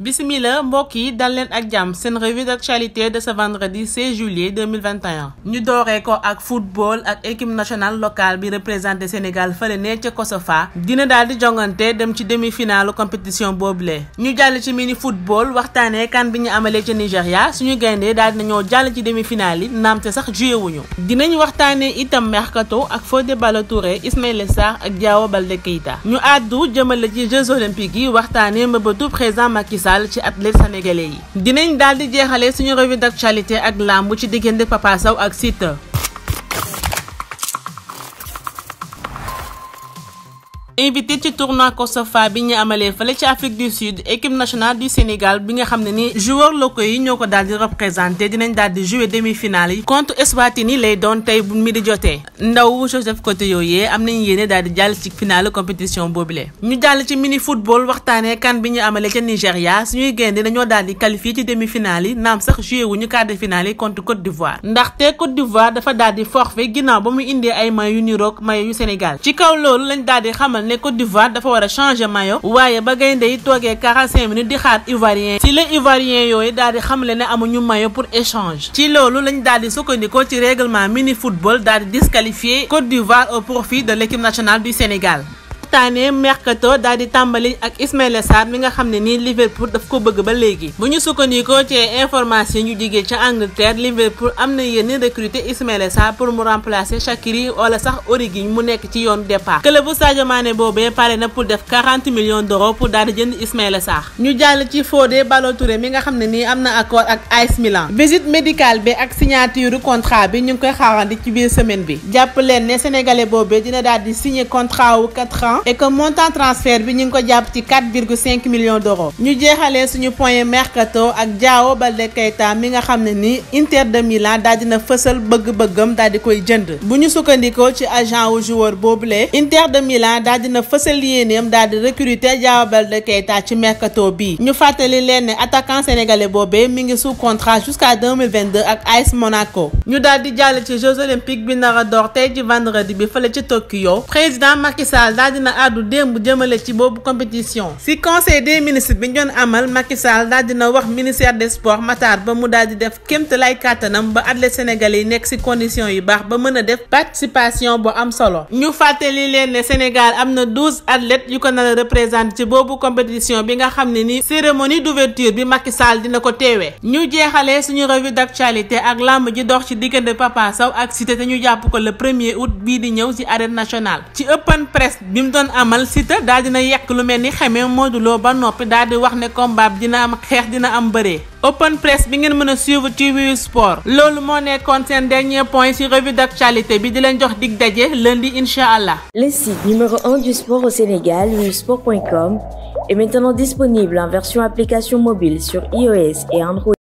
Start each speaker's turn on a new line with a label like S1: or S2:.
S1: Bismillah, mbokk Dalen dal C'est une revue d'actualité de ce vendredi 6 juillet 2021 ñu dooree ko ak football ak équipe nationale locale bi le Sénégal fële ne Kosova, Kosofa dina dal di finale de ci demi compétition compétition Nous ñu ci mini football Wartane kan bi ñu Nigeria, si nous suñu gayndee daal dinañoo jàll ci demi-finale yi naamte sax joué wuñu dinañ waxtaanee itam mercato ak Fodé de touré Ismaïla Sarr ak Diao Baldé Keita ñu àddu Olympique ci Jeux olympiques yi waxtaanee présent présent Macky Sall ci athlète sénégalais yi dinañ daal di jeexalee suñu revue d'actualité ak làmb ci diggante Papa ak Siteu invité ci tournoi Kosofa bi ñu amalee fële ci Afrique du Sud équipe nationale du Sénégal bi nga xam ni joueur locaux yi ñoo ko daal di représenté dinañ daal di jouer demi-finale contre Eswatini lay doon tey bu joté ndaw Joseph Koto yooyee am nañu yéene daal di jàll ci finale compétition Boblé, ñu jàll ci mini football waxtaanee kan bi ñu amalee ca Nigeria suñuy génne dañoo daal di qualifié ci demi-finale yi naam sax joué wuñu quart de finale contre Côte d'Ivoire ndaxte Côte d'Ivoire dafa daal di forfait ginnaaw ba mu indee ay may yu niroog may yu Sénégal ci kaw loolu lañ daal di ne Côte d'Ivoire dafa changer de changer maillot waye ba gaynde yi 45 minutes di xaar ivoirien ci le ivoirien yoy daal di xamle ne ñu maillot pour échange ci lolu lañ faire di sukkandikoo ci règlement mini football daal di disqualifier Côte d'Ivoire au profit de l'équipe nationale du Sénégal waxtaanee mercato daal di tàmbali ak Ismaïla Sarr mi nga xam ne nii Liverpool daf ko bëgg ba léegi bu ñu sukkandikoo ci information yu jigee ca Angleterre Liverpool am na yéen recruter Ismaïla Sarr pour mu remplacer Shaqiri wala sax Origi mu nekk ci yoonu départ club bu Sadio pare na pour def 40 millions pour daal jënd Ismaïla Sarr ñu jàll ci Fodé Ballo-Touré mi nga xam ne nii am na accord ak AS Milan visite médicale bi ak signature contrat et que montant transfert bi ñu ngi ko jàpp ci 4,5 millions d'euros ñu jeexalee suñu point mercato ak Diao Baldé Keita mi nga xam ne ni Inter de Milan daal dina fësal bëgg-bëggam daal di koy jënd bu ñu sukkandikoo ci agent wu joueur boobule Inter de Milan daal dina fësal yéeneem daal di recruter Diao Baldé Keita ci mercato bi ñu fàttali leen ne attaquant sénégalais boobee mi ngi sous contrat jusqu'à 2022 ak AS Monaco ñu daal di jàll ci Jeux olympiques bi nar a door tey ci bi fële ci Tokyo président Macky Sall daal dina àddu démb jëmale ci boobu compétition si conseil des ministres bi ñu amal Macky Sall daal dina wax ministère des sports Matar ba mu daal di def kémta lay kàttanam ba athlètes sénégalais yi nekk si conditions yu baax ba mën a def participation bu am solo ñu fàttali leen ne Sénégal am na athlètes yu ko nar a représenté ci boobu compétition bi nga xam ne ni cérémonie d'ouverture bi Macky Sall dina ko teewee ñu jeexalee suñu revue d'actualité ak lamb ji dox ci diggante Papa Sow ak Cité te ñu jàpp ko le premier août bii di ñëw si arène nationale ci open press bi doon amal Siteu daal dina yekk lu mel ni xamee Modou Lo ba noppi daal di wax ne combat dina am xeex dina am bëree open press bi ngeen mën a suivre ci sport loolu moo nekkoon seen dernier point ci revue d'actualité bi di leen jox dig daje lundi incha allah. Le site numéro 1 du sport au Sénégal sport.com est maintenant disponible en version application mobile sur iOS et Android.